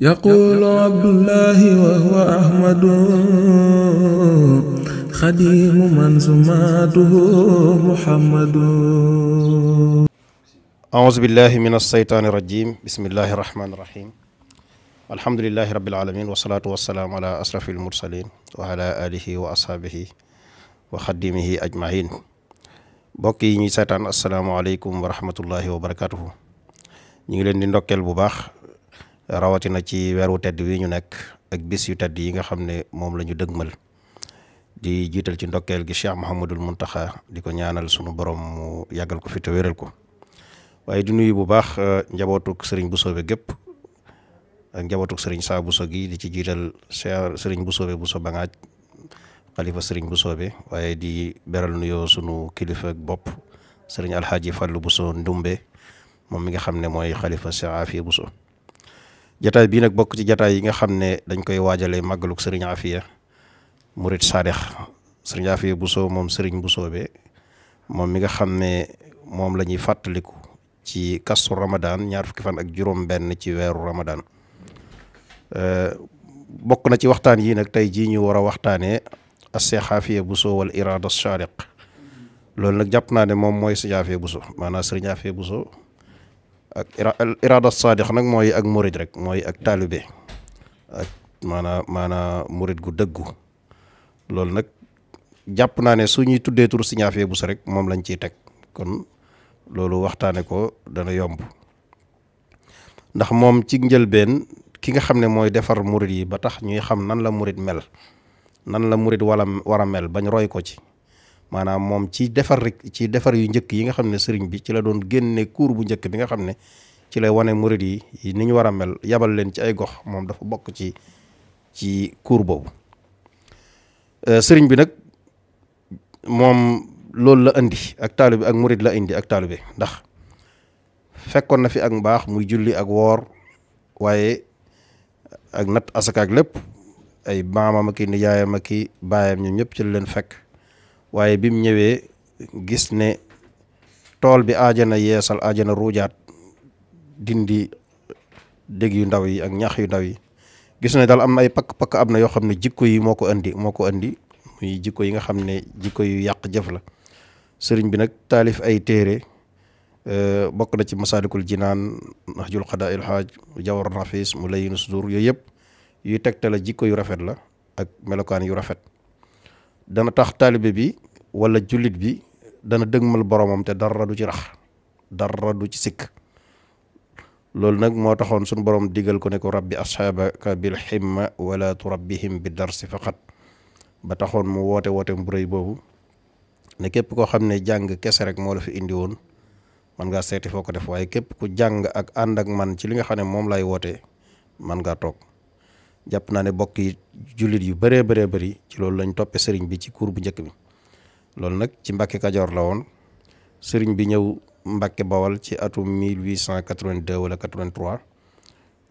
يقول عبد الله وهو أحمد خديم من سماته محمد أعوذ بالله من الشيطان الرجيم بسم الله الرحمن الرحيم الحمد لله رب العالمين والصلاة والسلام على أشرف المرسلين وعلى آله وأصحابه وخديمه أجمعين بوكي ني سيتان السلام عليكم ورحمة الله وبركاته ñu ngi leen di ndokkeel bu baax rawatina ci weer tedd wi ñu nekk ak bis yu tedd yi nga xam ne moom lañu ñu dëgmal di jiital ci ndokkeel gi Cheikh Mouhamadul Mountakha di ko ñaanal sunu borom mu yàggal ko fi te wéral ko waaye di nuyu bu baax uh, njabootuk sëriñ Bousobe gépp ak njabootuk sëriñ Saa Bousso gi di ci jiital sëriñ Bousobe Bousso Bangaaj xalifa sëriñ Bousobe waaye di beral nuyoo sunu kilifa ak bopp sëriñ Alxaaji Fàllu Bousso Ndumbe moom mi nga xam ne mooy xalifa Cheikh Afia Bousso jataay bii nag bokk ci jataay yi nga xam ne dañ koy waajalee màggaluk sëriñ Afia murit Saadix sëriñ Afia Bousso moom sëriñ Bousso be moom mi nga xam ne moom lañuy ñuy fàttaliku ci kastu Ramadan ñaar fukki fan ak juróom-benn ci weeru Ramadan euh, bokk na ci waxtaan yii nag tey jii ñu war a waxtaanee as-Seex Afia Bousso wal nag jàpp naa ne moom mooy sëriñ Afia Bousso maanaam sëriñ Afia Bousso ak irada sadiq nag mooy ak murid rek mooy ak taalibe ak maanaa maanaa murid gu dëggu loolu nag jàpp naa ne su ñuy tuddee tur Serigne bu Bousso rek moom lañ ciy teg kon loolu waxtaane ko dana yomb ndax moom ci njëlbeen ki nga xam ne mooy defar murid yi ba tax ñuy xam nan la murid mel nan la murid wala war a mel bañ roy ko ci maanaam moom ci defar rek ci defar yu njëkk yi nga xam ne sëriñ bi ci la doon génne kuur bu njëkk bi nga xam ne ci lay wane murid yi ni ñu war a mel yabal leen ci ay gox moom dafa bokk ci ci kuur boobu euh, sëriñ bi nag moom loolu la indi ak bi ak murid la indi ak bi ndax fekkoon na fi ak mbaax muy julli ak woor waaye ak natt asaka lépp ay maamam ak i nijaayam ak i baayam ñoom ñëpp ci la leen fekk waaye bi mu ñëwee gis ne tool bi aajana yeesal aajana ruujaat dindi dég yu ndaw yi ak ñax yu ndaw yi gis ne daal am na ay pakk pakk am na yoo xam ne jikko yi moo ko indi moo ko indi muy jikko yi nga xam ne jikko yu yàq jëf la sëriñ bi nag taalif ay téere euh, bokk na ci masaalikul jinaan nahjul xadaa il xaaj jawar nafis mu layyinu sudur yooyu yëpp yuy tegtale jikko yu rafet la ak melokaan yu rafet dana tax taalibe bi wala jullit bi dana dëgmal boromam te dara du ci rax dara du ci sikk loolu nag moo taxoon suñu borom digal ko ne ko rabbi asxaabaka bil ximma wala turabbihim bi darsi faqat ba taxoon mu woote woote bu boobu ne képp koo xam ne jàng kese rek moo la fi indi woon man ngaa seeti foo ko def waaye képp ku jàng ak ànd ak man ci li nga xam ne moom lay woote man ngaa toog jàpp naa ne bokk yi jullit yu bëree bëree bëri ci loolu lañ toppe sëriñ bi ci kuur bu njëkk bi loolu nag ci Mbàkke Kajoor la woon sëriñ bi ñëw Mbàkke Bawol ci atum 1882 wala 83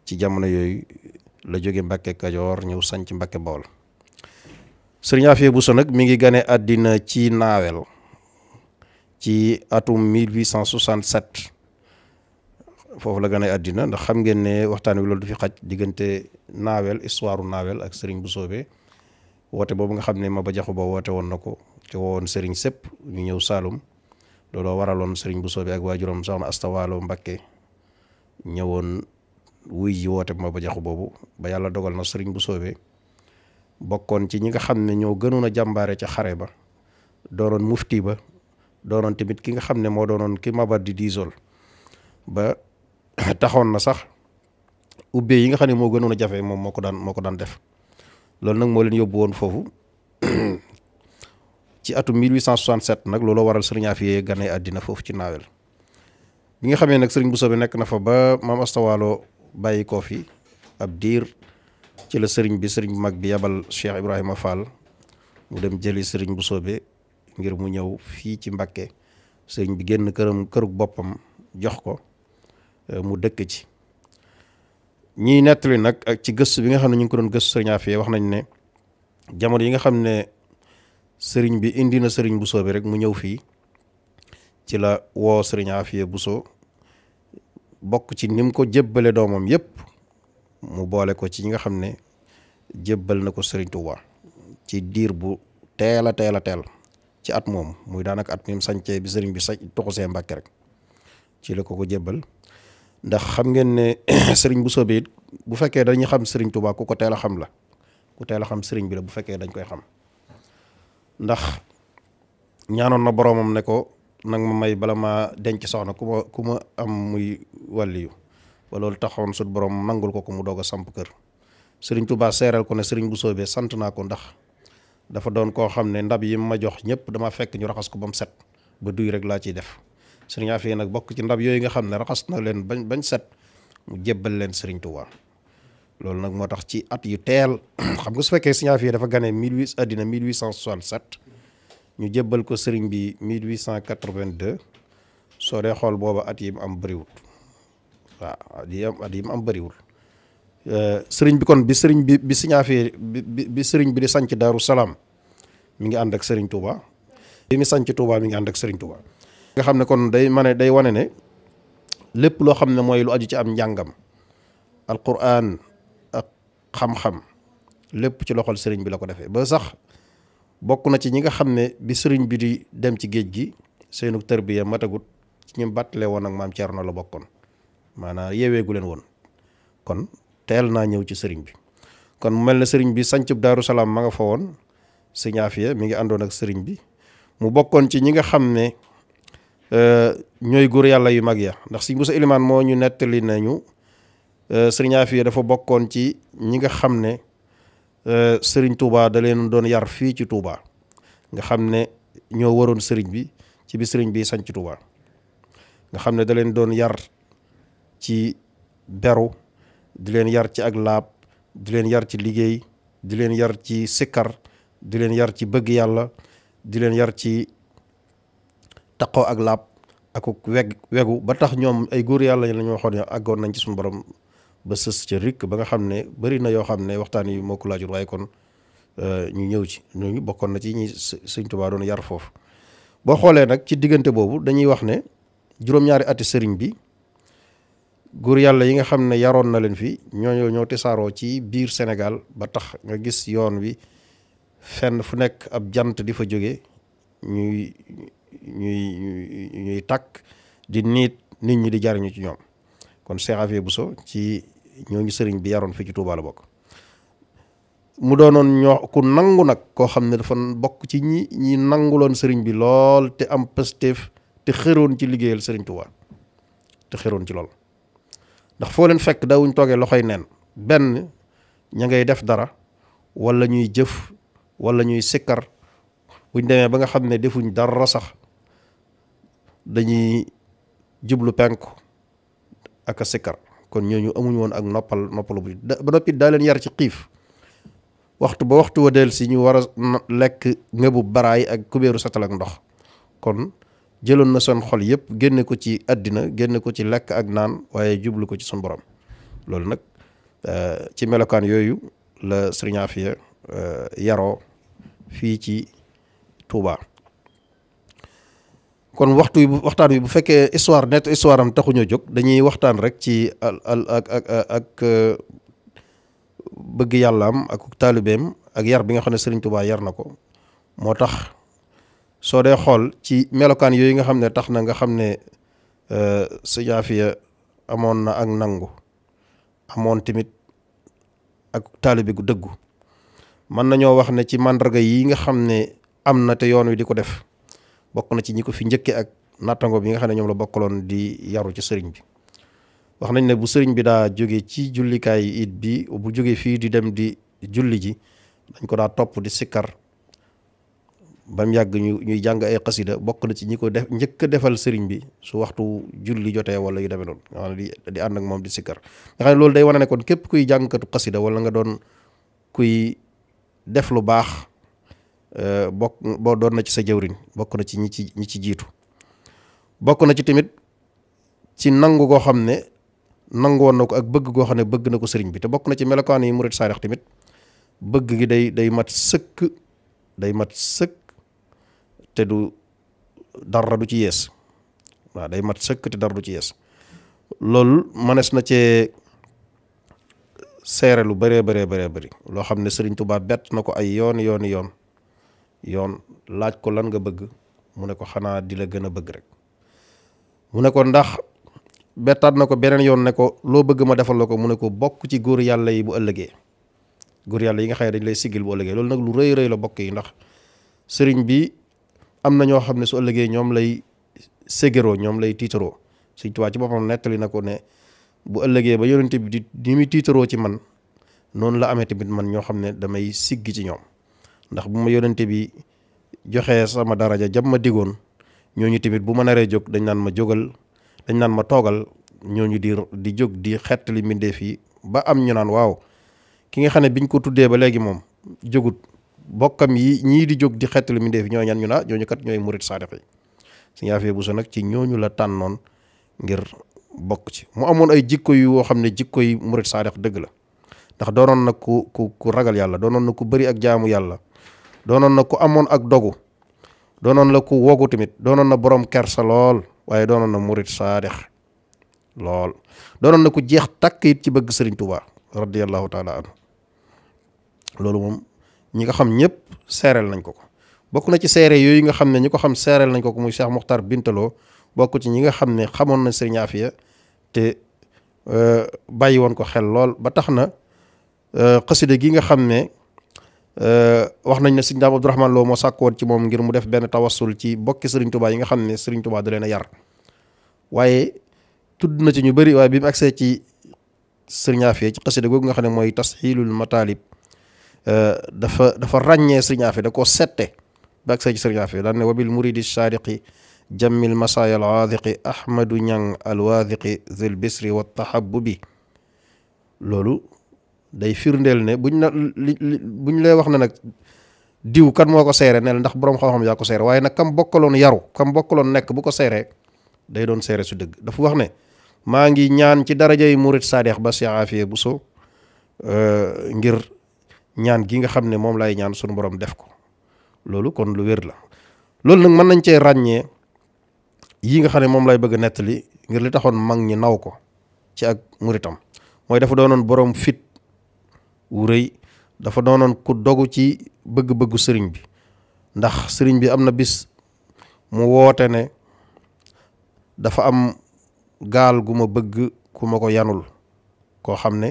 ci jamono yooyu la jóge Mbàkke Kajoor ñëw sañc Mbàkke Bawol sëriñ Afia Bousso nag mi ngi gane àddina ci naawel ci atum 1867 foofu la gën a àddina ndax xam ngeen ne waxtaan wi loolu du fi xaj diggante naawel histoire naawel ak sëriñ bu soobee woote boobu nga xam ne Maba Jaxu Ba woote woon na ko ci sëriñ sëpp ñu ñëw Saalum looloo waraloon sëriñ bu soobee ak waajuram soxna Astawaalo Mbakke ñëwoon wuy ji woote Maba Jaxu boobu ba yàlla dogal na sëriñ bu soobee bokkoon ci ñi nga xam ne ñoo gënoon a jàmbaare ca xare ba doonoon mufti ba doonoon tamit ki nga xam ne moo doonoon ki Maba di ba taxoon na sax ubbee yi nga xam ne moo gënoon a jafe moom moo ko daan moo ko daan def loolu nag moo leen yóbbu woon foofu ci atum 1867 nag looloo waral sëriñ Afiyee gane àddina foofu ci naawel bi nga xamee nag sëriñ bu bi nekk na fa ba maam Astawaalo bàyyi koo fi ab diir ci la sëriñ bi sëriñ mag bi yabal Cheikh Ibrahima Fall mu dem jëli sëriñ bu bi ngir mu ñëw fii ci Mbàkke sëriñ bi génn këram kërug boppam jox ko Euh, mu dëkk ci ñi nettali nag ak ci gëstu bi nga xam ne ñu ngi ko doon gëstu sëriñ Afia wax nañ ne jamono yi nga xam ne sëriñ bi indi na sëriñ Bousso bi rek mu ñëw fii ci la woo sëriñ Afia Bousso bokk ci nim ko jébbale doomam yépp mu boole ko ci ñi nga xam ne jébbal na ko sëriñ Touba ci diir bu teel a teel a teel ci at moom muy daanaka at mi mu bi sëriñ bi sañ tuxu see Mbàkke rek ci la ko ko jébbal ndax xam ngeen ne sëriñ bu soobee it bu fekkee dañu xam sëriñ Touba ku ko teel xam la ku teel a xam sëriñ bi la bu fekkee dañ koy xam ndax ñaanoon na boroomam ne ko nag ma may bala ma denc soxna ku ma ku ma am muy wàlliyu ba loolu taxawoon sut boroom nangul ko ko mu doog a samp kër sëriñ Touba seeral ko ne sëriñ bu soobee sant naa ko ndax dafa doon koo xam ne ndab yi ma jox ñëpp dama fekk ñu raxas ko ba mu set ba duy rek laa ciy def sëriñ Afia nag bokk ci ndab yooyu nga xam ne raxas na leen bañ bañ set mu jébbal leen sëriñ Touba loolu nag moo tax ci at yi teel xam nga su fekkee sëriñ yi dafa ganee 18 àddina 1867 ñu jébbal ko sëriñ bi 1882 soo dee xool booba at yi am bëriwul waaw yi mu am bëriwul sëriñ bi kon bi sëriñ bi bi sëriñ bi sëriñ bi di sanc Daaru Salaam mi ngi ànd ak sëriñ Touba bi mi sanc Touba mi ngi ànd ak sëriñ Touba. nga xam ne kon day ma day wane ne lépp loo xam ne mooy lu aju ci am njàngam alquran ak xam-xam lépp ci loxol sëriñ bi la ko defee ba sax bokk na ci ñi nga xam ne bi sëriñ bi di dem ci géej gi seenu tërbiya matagut ci ñu bàttale woon ak maam Thierno la bokkoon maanaam yeeweegu leen woon kon teel naa ñëw ci sëriñ bi kon mel na sëriñ bi sancub Daaru Salaam ma nga fa woon sëñ Afia mi ngi àndoon ak sëriñ bi mu bokkoon ci ñi nga xam ne Euh, ñooy góor yàlla yu mag ya ndax sëñ Moussa Elimane moo ñu nettali nañu euh, sëriñ Afia dafa bokkoon ci ñi nga xam ne euh, sëriñ Touba da leen doon yar fii ci Touba nga xam ne ñoo waroon sëriñ bi ci bi sëriñ bi sañ ci nga xam ne da leen doon yar ci beru di leen yar ci ak laab di leen yar ci liggéey di leen yar ci sikkar di leen yar ci bëgg yàlla di leen yar ci taqoo ak laab ak weg wegu ba tax ñoom ay góor yàlla lañu waxoon ne àggoon nañ ci suñu borom ba sës ca rikk ba nga xam ne bari na yoo xam ne waxtaan yi moo ko laajul waaye kon euh, ñu ñëw ci ñooñu bokkoon na ci ñi sëñ Tuubaa doon yar foofu. boo xoolee nag ci diggante boobu dañuy wax ne juróom-ñaari ati sëriñ bi góor yàlla yi nga xam ne yaroon na leen fi ñooñoo ñoo tisaaroo ci biir senegal ba tax nga gis yoon wi fenn fu nekk ab jant di fa jóge ñuy ñuy ñuy takk di niit nit ñi di jariñu ci ñoom kon Cheikh bu Bousso ci ñooñu sëriñ bi yaroon fii ci Touba bokk mu doonoon ñoo ku nangu nag koo xam ne dafa bokk ci ñi ñi nanguloon sëriñ bi lool te am pësteef te xëroon ci liggéeyal sëriñ Touba te xëroon ci lool ndax foo leen fekk dawuñ toogee loxoy neen benn ña ngay def dara wala ñuy jëf wala ñuy sikkar buñ demee ba nga xam ne defuñ dara sax dañuy jublu penku ak a sikkar kon ñooñu amuñu woon ak noppal noppalu bu ba noppi daaleen yar ci xiif waxtu ba waxtu wa del si ñu war a lekk ngëbu baraay ak kubéeru satal ak ndox kon jëloon na seen xol yëpp génne ko ci àddina génne ko ci lekk ak naan waaye jublu ko ci sun borom loolu nag euh, ci melokaan yooyu la Sëriñ Afiya euh, yaroo fii ci Tuubaa kon waxtu wi waxtaan wi bu fekkee histoire net histoire am taxuñoo jóg dañuy waxtaan rek ci al al ak ak ak euh, bëgg yàllaam ak taalibeem ak yar bi nga xam ne Serigne Touba yar na ko moo tax soo dee xool ci melokaan yooyu nga xam ne tax na nga xam ne euh, Sëñ Afiya amoon na ak nangu amoon tamit ak taalibe dëggu mën nañoo wax ne ci màndarga yi nga xam ne am na te yoon wi di ko def. bokk na ci ñi ko fi njëkke ak nattangoo bi nga xam ne ñoom la bokkaloon di yaru ci sëriñ bi wax nañ ne bu sëriñ bi daa jóge ci jullikaay it bi bu jógee fii di dem di julli ji dañ ko daa topp di sikkar bam yàgg ñu ñuy jàng ay xasida bokk na ci ñi ko def njëkk defal sëriñ bi su waxtu julli jotee wala yu demee noonu nga xam di di ànd ak moom di sikkar nga xam ne loolu day wane ne kon képp kuy jàngkatu xasida wala nga doon kuy def lu baax Euh, bokk boo na ci sa jëwriñ bokk na ci ñi ci ñi ci jiitu bokk na ci tamit ci nangu goo xam ne nangu woon na ko ak bëgg goo xam ne bëgg na ko sëriñ bi te bokk na ci melokaan yi murit saarix tamit bëgg gi day day mat sëkk day mat sëkk te du dara du ci yees waa day mat sëkk te dara du ci yees loolu mënees na cee seere lu bëree bare bëree bëri loo xam ne sëriñ Tuubaa bett na ko ay yoon yooni yoon yoon laaj ko lan nga bëgg mu ne ko xanaa di la gën a bëgg rek mu ne ko ndax bettaat na ko beneen yoon ne ko loo bëgg ma defal la ko mu ne ko bokk ci góor yàlla yi bu ëllëgee góor yàlla yi nga xam ne dañ lay siggil bu loolu nag lu rëy rëy la bokk yi ndax sëriñ bi am na ñoo xam ne su ëllëgee ñoom lay ségeroo ñoom lay tiitaroo Sëriñ ci boppam nettali na ko ne bu ëllëgee ba yonent bi di ni tiitaroo ci man noonu la amee tamit man ñoo xam ne damay siggi ci ñoom ndax bu ma yoonante bi joxee sama daraja jam ma digoon ñooñu tamit bu ma naree jóg dañ naan ma jógal dañ naan ma toogal ñooñu di di jóg di xettali mbindeef yi ba am ñu waaw ki nga xam ne biñ ko tuddee ba léegi moom jógut bokkam yi ñii di jóg di xettali mbindeef yi ñoo ñaan ñu naa ah ñooñu kat ñooy murit saadix yi Sëñ Afiya Buso nag ci ñooñu la tànnoon ngir bokk ci mu amoon ay jikko yu woo xam ne jikko yi murit saadix dëgg la ndax doonoon nag ku ku ku ragal yàlla doonoon na ku bëri ak jaamu yàlla doonoon na ku amoon ak dogu doonoon la ku wogu tamit doonoon na borom kersa lool waaye doonoon na murit saadix lool doonoon na ku jeex takk it ci bëgg sëriñ Tuubaa radiyallahu taala anhu loolu moom ñi nga xam ñëpp seereel nañ ko ko bokk na ci seere yooyu nga xam ne ñi ko xam seereel nañ ko ko muy Cheikh Mokhtar Bintaloo bokk ci ñi nga xam ne xamoon na sëriñ Afiya te euh, bàyyi woon ko xel lool ba tax na euh, xasida gi nga xam ne Euh, wax nañ ne sëñ Daam Abdourahman Lo moo sàkkoon ci moom ngir mu def benn tawasul ci bokki Serigne Touba yi nga xam ne Serigne Touba da na a yar waaye tudd na ci ñu bëri waaye bi mu agsee ci Serigne Afia ci xasida googu nga xam ne mooy tasxiilul matalib euh, dafa dafa ràññee Serigne da koo sette bi ci Serigne Afia daan ne wabil muridi sadiqi jammil masaaya al waadiqi ahmadu ñang al waadiqi zil bisri loolu day firndeel ne buñ na buñ lay wax ne nag diw kan moo ko seere nel ndax borom xam-xam yaa ko seere waaye nag kam bokkaloon yaru kam bokkaloon nekk bu ko seeree day doon seere su dëgg dafa wax ne maa ngi ñaan ci darajay murit saadeex ba Cheikh Afia Bousso euh, ngir ñaan gi nga xam ne moom lay ñaan sunu borom def ko loolu kon lu wér la loolu nag mën nañ cee ràññee yii nga xam ne moom lay bëgg a nettali ngir li taxoon mag ñi naw ko ci ak muritam mooy dafa doonoon borom fit wu rëy dafa doonoon ku dogu ci bëgg-bëggu sëriñ bi ndax sëriñ bi am na bis mu woote ne dafa am gaal gu ma bëgg ku ma ko yanul koo xam ne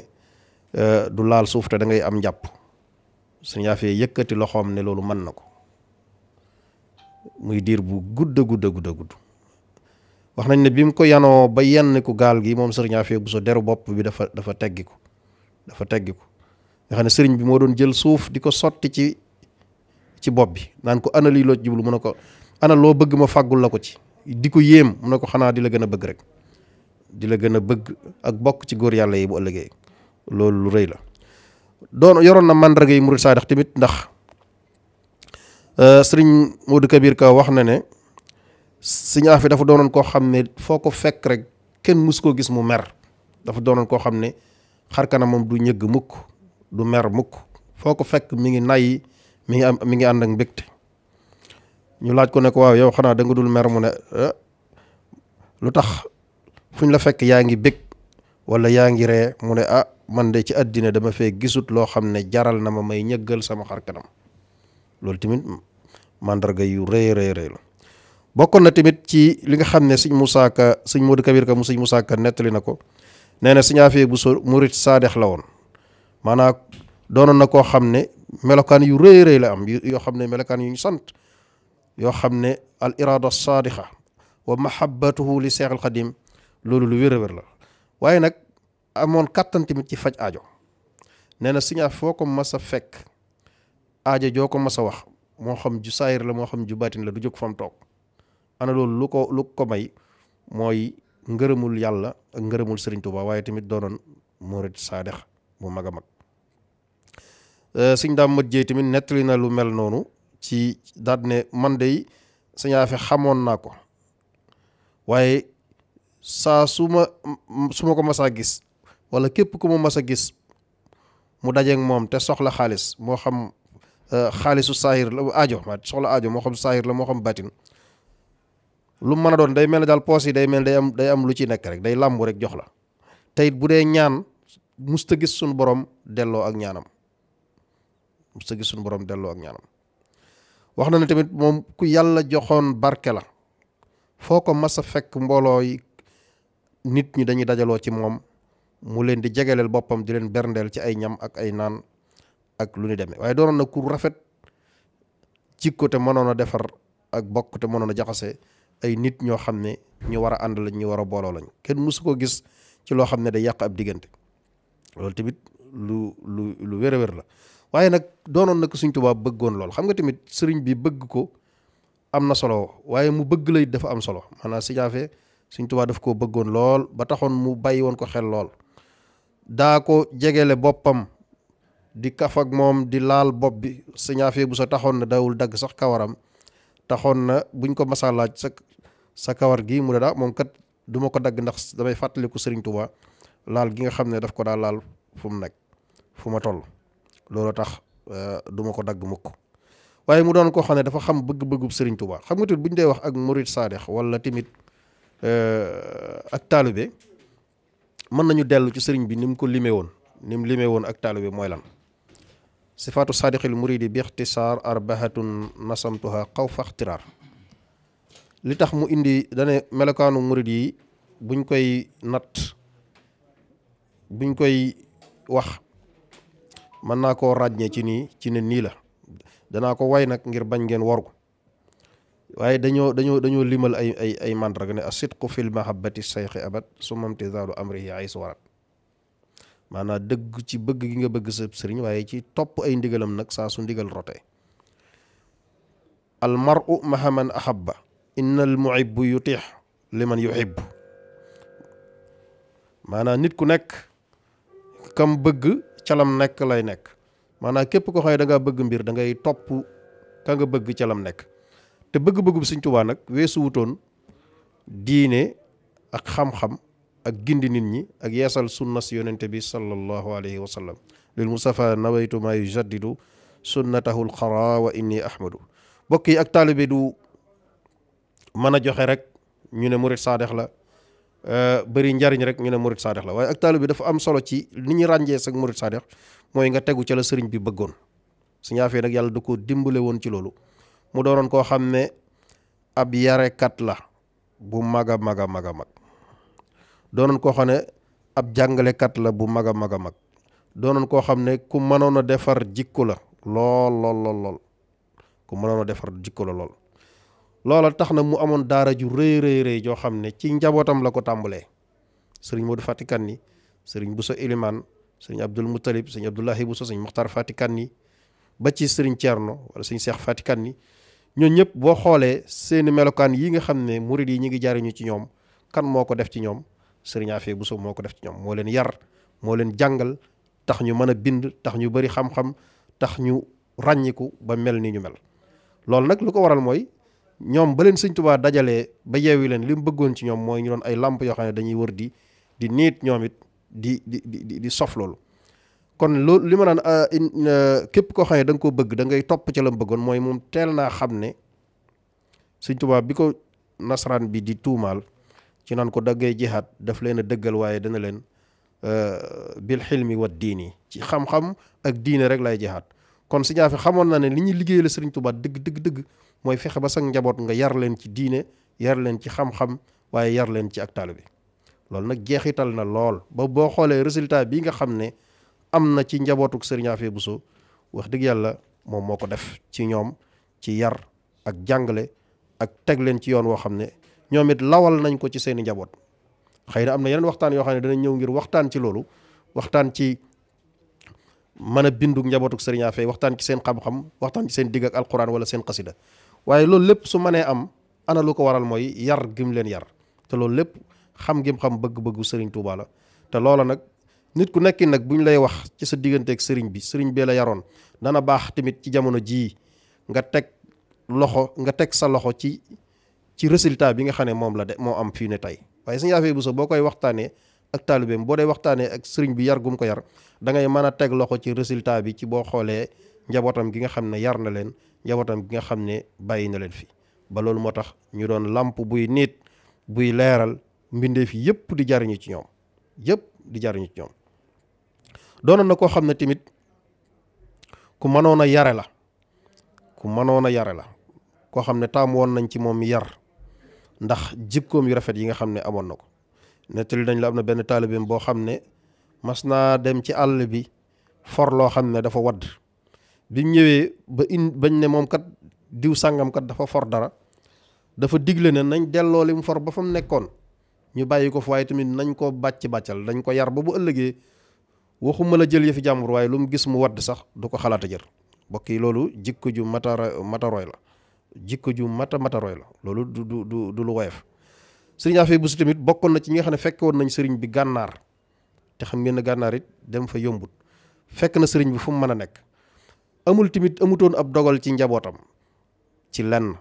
euh, du laal suuf te dangay am njàpp sëñ Yaafe yëkkati loxoom ne loolu mën na ko muy diir bu gudd gudd gudd gudd wax nañ ne bi mu ko yanoo ba yenn ku gaal gi moom sëriñ Yaafe bu sa deru bopp bi dafa dafa ko dafa ko nga xam ne sëriñ bi moo doon jël suuf di ko sotti ci ci bopp bi naan ko ana lii loo jublu mu ne ko ana loo bëgg ma fàggul la ko ci di ko yéem mu ne ko xanaa di la gën a bëgg rek di la gën a bëgg ak bokk ci góor yàlla yi bu ëllëgee loolu lu rëy la doon yoroon na màndarga yi murid saadax tamit ndax euh, sëriñ Modou Kabir Ka wax na ne sëriñ Afi dafa doonoon koo xam ne foo ko fekk rek kenn mus koo gis mu mer dafa doonoon koo xam ne xar moom du ñëgg mukk du mer mukk foo ko fekk mi ngi nay mi ngi am mi ngi ànd ak mbégte ñu laaj ko ne ko waaw yow xanaa da nga dul mer mu ne eh, lu tax fuñ la fekk yaa ngi bég wala yaa ngi ree mu ne ah man de ci àddina dama fee gisut loo xam ne jaral na ma may ñëggal sama xar kanam loolu tamit mandarga yu rëy rëye rëy la bokkoon na tamit ci li nga xam ne sëñ Moussa Ka sëñ Modou Kabir Ka mu sëñ Moussa Ka nettali na ko nee na sëñ Afee bu so murit saadex la woon maanaam doonoon na koo xam ne melokaan yu rëy rëy la am yoo xam ne melokaan yu ñu sant yoo xam ne al irada sadiqa wa mahabbatuhu li seex al xadim loolu lu wér a wér la waaye nag amoon kàttan tamit ci faj ajo nee na siñaa foo ko mas fekk aajo joo ko mas a wax moo xam ju saayir la moo xam ju baatin la du jóg fam toog ana loolu lu ko lu ko may mooy ngërëmul yàlla ak ngërëmul Sëriñ Tuuba waaye tamit doonoon murit saadex bu mag a mag Euh, sëñ daam mat jéey tamit nettali na lu mel noonu ci daat ne man dey sëñ Afe xamoon naa ko waaye saa su ma su ma ko mas a gis wala képp ku mu mas a gis mu dajeeg moom te soxla xaalis moo xam euh, xaalisu saahir la aajo ma soxla aajo moo xam saahir la moo xam lu mën a doon day mel ne daal poos yi day mel day am day am lu ci nekk rek day làmbu rek jox la teyit bu dee ñaan musta gis suñu borom delloo ak ñaanam sa gis suñu borom delloo ak ñaanam wax na ne tamit moom ku yàlla joxoon barke la foo ko mas a fekk mbooloo yi nit ñi dañuy dajaloo ci moom mu leen di jegeleel boppam di leen berndeel ci ay ñam ak ay naan ak lu ñu demee waaye doonoon na ku rafet jikko te mënoon a defar ak bokk te mënoon a jaxase ay nit ñoo xam ne ñu war a ànd lañ ñu war a booloo lañ kenn mësu ko gis ci loo xam ne day yàq ab diggante loolu tamit lu lu lu wér-wér la waaye nag doonoon nag suñ tubaa bëggoon lool xam nga tamit sëriñ bi bëgg ko am na solo waaye mu bëgg lay dafa am solo maanaam si jaafe suñ daf koo bëggoon lool ba taxoon mu bàyyi woon ko xel lool daa ko jegele boppam di kaf moom di laal bopp bi siñaafee bu sa taxoon na dawul dagg sax kawaram taxoon na buñ ko masa laaj sa sa kawar gi mu ne daa moom kat du ko dagg ndax damay fàttaliku Sëriñ Tuubaa laal gi nga xam ne daf ko daa laal fu mu nekk fu ma toll loolu tax euh, du ma ko dagg mukk waaye mu doon koo xam ne dafa xam bëgg-bëggub Serigne Touba xam nga tamit bu ñu dee wax ak murid saadix wala tamit euh, ak taalibe mën nañu dellu ci sëriñ bi ni mu ko limee woon ni mu limee woon ak taalibe mooy lan sifaatu saadixil muridi bi ixtisaar arbahatun nasamtuha xaw fa ixtiraar li tax mu indi dane melokaanu murid yi buñ koy natt buñ koy wax mën naa koo ràññee ci nii ci ne nii la danaa ko way nag ngir bañ ngeen wor ko waaye dañoo dañoo dañoo limal ay ay ay mandraga ne asidqu fil mahabbati sayxi abad summa imtithaalu amrihi ay su warat maanaam dëgg ci bëgg gi nga bëgg sa sëriñ waaye ci topp ay ndigalam nag saa su ndigal rote al mar'u maha man ahabba inna al muhibbu yutix liman yuhibbu maanaam nit ku nekk kam bëgg calam nekk lay nekk maanaa képp ko xëy da bëgg mbir dangay ngay topp ka nga bëgg calam nekk te bëgg-bëggub Sëñ Tuubaa nag weesu wutoon diine ak xam-xam ak gindi nit ñi ak yeesal sunna si yonente bi sallallahu alayhi wa sallam lil mustafa nawaytu maa yujaddidu sunnatahu lxara wa inni ahmadu bokk yi ak taalibe du mën a joxe rek ñu ne murit saadex la Euh, bëri njariñ rek ñu ne murid saadex la waaye ak taalib bi dafa am solo ci ni ñu ràññee sax murid saadex mooy nga tegu ca la sëriñ bi bëggoon Sëriñ Afiya nag yàlla da ko dimbale woon ci loolu mu doonoon koo xam ne ab yarekat la bu mag a mag a mag a mag doonoon koo xam ne ab jàngalekat la bu mag a mag a mag doonoon koo xam ne ku mënoon a defar jikko la lool lool lool ku mënoon a defar jikko la lool loola tax na mu amoon daara ju rëy rëy joo xam ne ci njabootam la ko tàmbalee sëriñ Modou Fatickani sëriñ Bousso Elimane sëriñ Abdul Moutalib sëriñ Abdoulahi Bousso sëriñ Mokhtar Fatickani ba ci sëriñ Thierno wala sëriñ Cheikh Fatickani ñoo ñëpp boo xoolee seeni melokaan yi nga xam ne murid yi ñu ngi jariñu ci ñoom kan moo ko def ci ñoom sëriñ Afee Bousso moo ko def ci ñoom moo leen yar moo leen jàngal tax ñu mën a bind tax ñu bari xam-xam tax ñu ràññiku ba mel ni ñu mel loolu nag lu ko waral mooy ñoom ba leen sëñ tubaa dajalee ba yeewi leen li mu bëggoon ci ñoom mooy ñu doon ay làmp yoo xam ne dañuy wër di di niit ñoom it di di di kon loolu li ma naan euh, euh, képp koo xam ne da bëgg da ngay topp ca la mu bëggoon mooy moom teel naa xam ne sëñ tubaa bi ko nasaraan bi di tuumaal ci naan ko daggee jeexaat daf leen a dëggal waaye dana leen euh, bil xilmi wat diini ci xam-xam ak diine rek lay jeexaat kon siñaa fi xamoon na ne li ñuy liggéey la sëriñ Tuubaa dëgg dëgg mooy fexe ba sa njaboot nga yar leen ci diine yar leen ci xam-xam waaye yar leen ci ak taalibe loolu nag jeexital na lool ba boo xoolee résultat bii nga xam ne am na ci njabootuk sëriñ Afia Bousso wax dëgg yàlla moom moo ko def ci ñoom ci yar ak jàngale ak teg leen ci yoon woo xam ne ñoom it lawal nañ ko ci seeni njaboot xëy na am na yeneen waxtaan yoo xam ne danañ ñëw ngir waxtaan ci loolu mën a bindu njabootuk sëriñ Afey waxtaan ci seen xam-xam waxtaan ci seen digg ak alquran wala seen xasida waaye loolu lépp su manee am ana lu ko waral mooy yar gim leen yar te loolu lépp xam gim xam bëgg-bëggu sëriñ Touba la te loola nag nit ku nekkin nag bu buñ lay wax ci sa digganteeg sëriñ bi sëriñ bee la yaroon dana baax tamit ci jamono jii nga teg loxo nga teg sa loxo ci ci résultat bi nga xam ne moom la de moo am fii ne tey waaye sëriñ Afey bu so boo koy waxtaanee ak taalibeem boo dee waxtaanee ak sëriñ bi yar gum ko yar dangay ngay mën a teg loxo ci résultat bi ci boo xoolee njabootam gi nga xam ne yar na leen njabootam gi nga xam ne bàyyi na leen fii ba loolu moo tax ñu doon làmp buy nit buy leeral fii yëpp di jariñu ci ñoom yëpp di jariñu ci ñoom doonoon na koo xam ne tamit ku mënoon a yare la ku mënoon a yare la koo xam ne taamu woon nañ ci moom yar ndax koom yu rafet yi nga xam ne amoon na ko nettali dañ la am na benn taalibeem boo xam ne mas naa dem ci àll bi for loo xam ne dafa wadd bi mu ñëwee ba in bañ ne moom kat diw sàngam kat dafa for dara dafa digle ne nañ delloo li mu for ba fa mu nekkoon ñu bàyyi ko fa waaye tamit nañ ko bàcc bàccal dañ ko yar ba bu ëllëgee waxuma la jël yëfi jàmbur waaye lu mu gis mu wadd sax du ko xalaata jël mbokk yi loolu jikko ju mata la jikko ju mata mataroy la loolu du du du lu woyof sëriñ Afia Bousso tamit bokkoon na ci ñi nga xam ne fekke woon nañ sëriñ bi gànnaar te xam ngeen ne gànnaar it dem fa yombut fekk na sëriñ bi fu mu mën a nekk amul tamit amutoon ab dogal ci njabootam ci lenn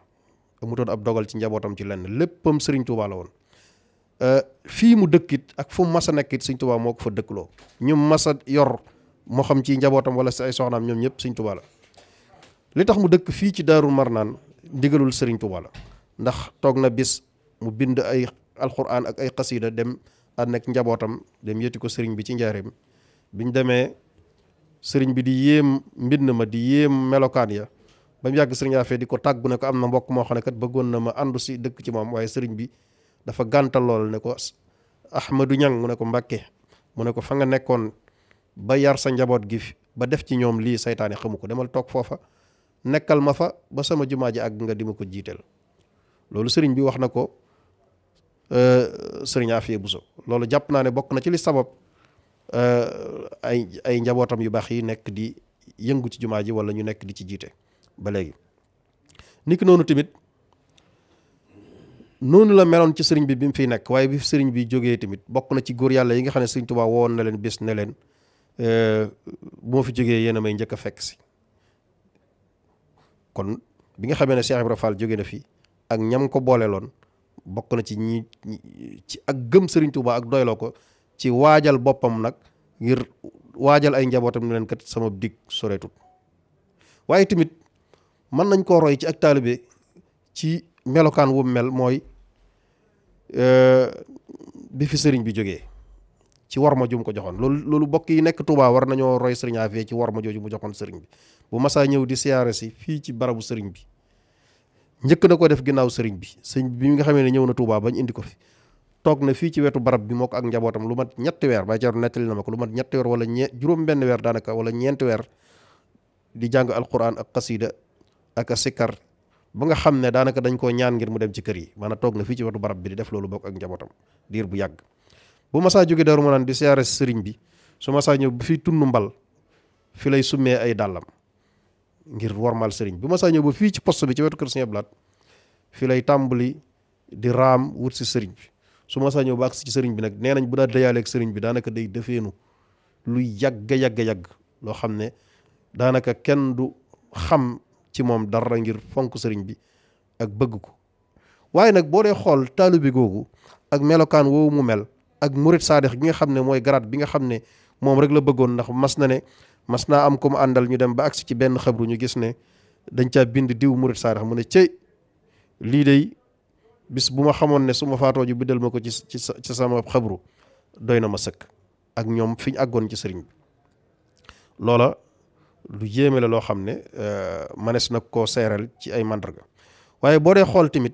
amutoon ab dogal ci njabootam ci lenn léppam sëriñ Touba la woon euh, fii mu dëkkit ak fu mu mas a nekkit sëriñ Touba moo ko fa dëkkloo ñu mas a yor moo xam ci njabootam wala si ay soxnaam ñoom ñëpp sëriñ Touba li tax mu dëkk fii ci Daaru Marnaan ndigalul sëriñ Touba la ndax toog na bis mu bind ay alquran ak ay xasida dem ànd ak njabootam dem yëti ko sëriñ bi ci njaareem biñ demee sëriñ bi di yéem mbind ma di yéem melokaan ya ba mu yàgg sëriñ di ko tàggu ne am na mbokk moo xam ne kat bëggoon na ma àndu si dëkk ci moom waaye sëriñ bi dafa gàntal lool ne ko Ahmadou Ñang mu ne ko mbakke mu ne ko fa nga nekkoon ba yar sa njaboot gi fi ba def ci ñoom lii seytaane xamu ko demal toog foofa nekkal ma fa ba sama jumaa ji àgg nga di ko jiiteel loolu sëriñ bi wax na ko sëriñ bu so loolu jàpp naa ne bokk na ci li sabab euh, ay ay njabootam yu baax yi nekk di yëngu ci jumaa ji wala ñu nekk di ci jiite ba léegi niki noonu tamit noonu la meloon ci sëriñ bi bi mu fi nekk waaye bi sëriñ bi jógee tamit bokk na ci góor yàlla yi nga xam ne sëriñ Tuubaa woon na leen bés ne leen euh, bu ma fi jógee yéen a may njëkk a fekk si kon bi nga xamee ne Cheikh Ibra Fall jóge na fi ak ñam ko booleeloon bokk na ci ñi ci ak gëm sëriñ Touba ak doyloo ko ci waajal boppam nag ngir waajal ay njabootam ne leen kat sama dig soreetut waaye tamit mën nañ koo roy ci ak taalibe ci melokaan wu mel mooy euh, bi fi sëriñ bi jógee ci warma ju mu ko joxoon loolu loolu bokk yi nekk Touba war nañoo roy sëriñ Afia ci ma jooju mu joxoon sëriñ bi bu masaa ñëw di siyaare si fii ci barabu sëriñ bi njëkk na ko def ginnaaw sëriñ bi sëñ bi nga xamee ne ñëw na Touba bañ indi ko fi toog na fii ci wetu barab bi moo ko ak njabootam lu mat ñetti weer bàyyi nettali na ma ko lu mat ñetti weer wala ñe juróom benn weer daanaka wala weer di jàng alquran ak xasida ak a sikkar ba nga xam ne daanaka dañ koo ñaan ngir mu dem ci kër yi maanaam toog na fii ci wetu barab bi di def loolu bokk ak njabootam diir bu yàgg bu masaa jóge Daaru Manaan di siyaare sëriñ bi su masaa ñëw bu fi tund mbal fi lay summee ay dàllam ngir wormal sëriñ bi ma saa ñëw ba fii ci post bi ci wetu kër Sëriñ Abdu Lahat fii lay tàmbali di raam wut si sëriñ bi su ma saa ba agsi ci sëriñ bi nag nee nañ bu daa dayaaleeg sëriñ bi daanaka day defeenu lu yàgga yàgga yàgg loo xam ne daanaka kenn du xam ci moom dara ngir fonk sëriñ bi ak bëgg ko waaye nag boo dee xool bi googu ak melokaan woowu mu mel ak murit saadix gi nga xam ne mooy garaat bi nga xam ne moom rek la bëggoon ndax mas na ne mas naa am comme àndal ñu dem ba agsi ci benn xabru ñu gis ne dañ caa bind diw murit saarax mu ne cey lii day bis bu ma xamoon ne suma ma faatoo ju biddal ma ko ci ci sama xabru doy na ma sëkk ak ñoom fiñ ñu àggoon ci sëriñ bi loola lu yéeme la loo xam ne euh, manes nag koo seeral ci ay màndarga waaye boo dee xool tamit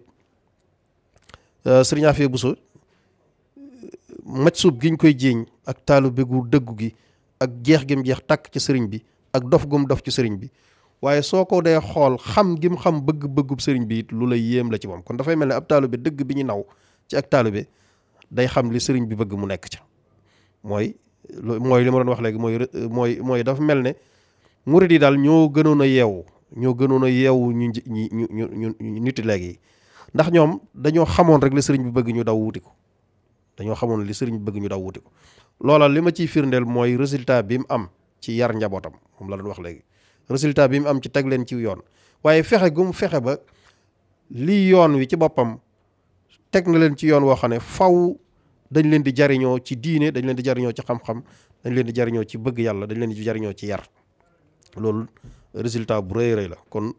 euh, sëriñ Afia Bousso euh, macsuub giñ koy jiiñ ak taalu bégu dëggu gi ak jeex gim jeex tàkk ci sëriñ bi ak dof gum dof ci sëriñ bi waaye soo ko dee xool xam gim xam bëgg-bëggub sëriñ bi it lu la yéem la ci moom kon dafay mel ne ab taalibe dëgg bi ñu naw ci ak taalibe day xam li sëriñ bi bëgg mu nekk ca mooy mooy li ma doon wax léegi mooy mooy mooy dafa mel ne murid yi daal ñoo gënoon a yeewu ñoo gënoon a yeewu ñu ñi ñu ñu léegi ndax ñoom dañoo xamoon rek li sëriñ bi bëgg ñu daw wuti ko dañoo xamoon li sëriñ bi bëgg ñu daw wuti ko loola li ma ciy firndeel mooy résultat bi mu am ci yar njabootam moom la doon wax léegi résultat bi mu am ci teg leen ci yoon waaye fexe gu mu fexe ba lii yoon wi ci boppam teg na leen ci yoon woo xam ne faw dañ leen di jariñoo ci diine dañ leen di jariñoo ci xam-xam dañ leen di jariñoo ci bëgg yàlla dañ leen di jariñoo ci yar loolu résultat bu rëyee rëy la kon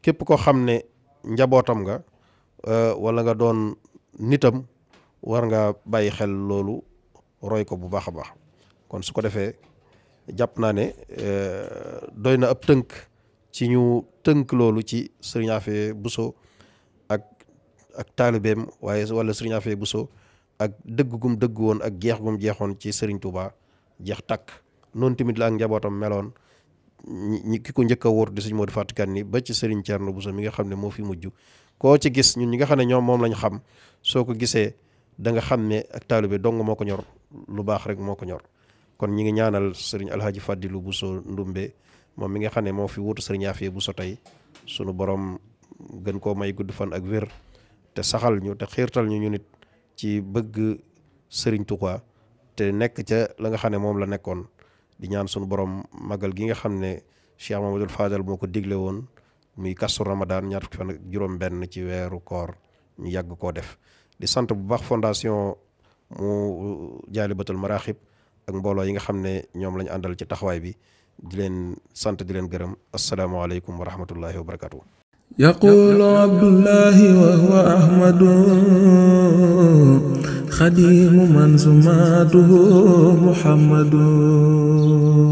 képp koo xam ne njabootam nga euh, wala nga doon nitam war nga bàyyi xel loolu roy ko bu baax a baax kon su ko defee jàpp naa ne euh, doy na ab tënk ci ñu tënk loolu ci Serigne Afé Bousso ak ak taalibeem waaye wala Serigne Afé Bousso ak dëgg gum dëgg woon ak jeex gum jeexoon ci Serigne Touba jeex takk noonu tamit la ak njabootam meloon ñi ki ko njëkk a wóor di Serigne Modou Faty Kane ni ba ci Serigne Thierno buso mi nga xam ne moo fi mujj koo ci gis ñun ñi nga xam ne ñoom moom lañ xam soo ko gisee da nga xam ne ak taalibe dong moo ko ñor lu baax rek moo ko ñor kon ñu ngi ñaanal sëriñ alhaji fàddilu Bousso Ndumbe moom mi nga xam ne moo fi wutu sëriñ bu Bousso tey suñu borom gën koo may gudd fan ak wér te saxal ñu te xiirtal ñu ñu nit ci bëgg sëriñ Touba te nekk ca la nga xam ne moom la nekkoon di ñaan suñu borom magal gi nga xam ne Cheikh Mamadou Fadal moo ko digle woon muy kastu Ramadan ñaar fukki fan ak juróom benn ci weeru koor ñu yàgg koo def di sant bu baax fondation mu jaalibatul maraaxib ak mbooloo yi nga xam ne ñoom lañu àndal ci taxawaay bi di leen sant di leen gërëm asalaamaaleykum wa rahmatullahi wa barakaatu. yaqulu abdullahi wa huwa ahmadu xadimu man muhammadu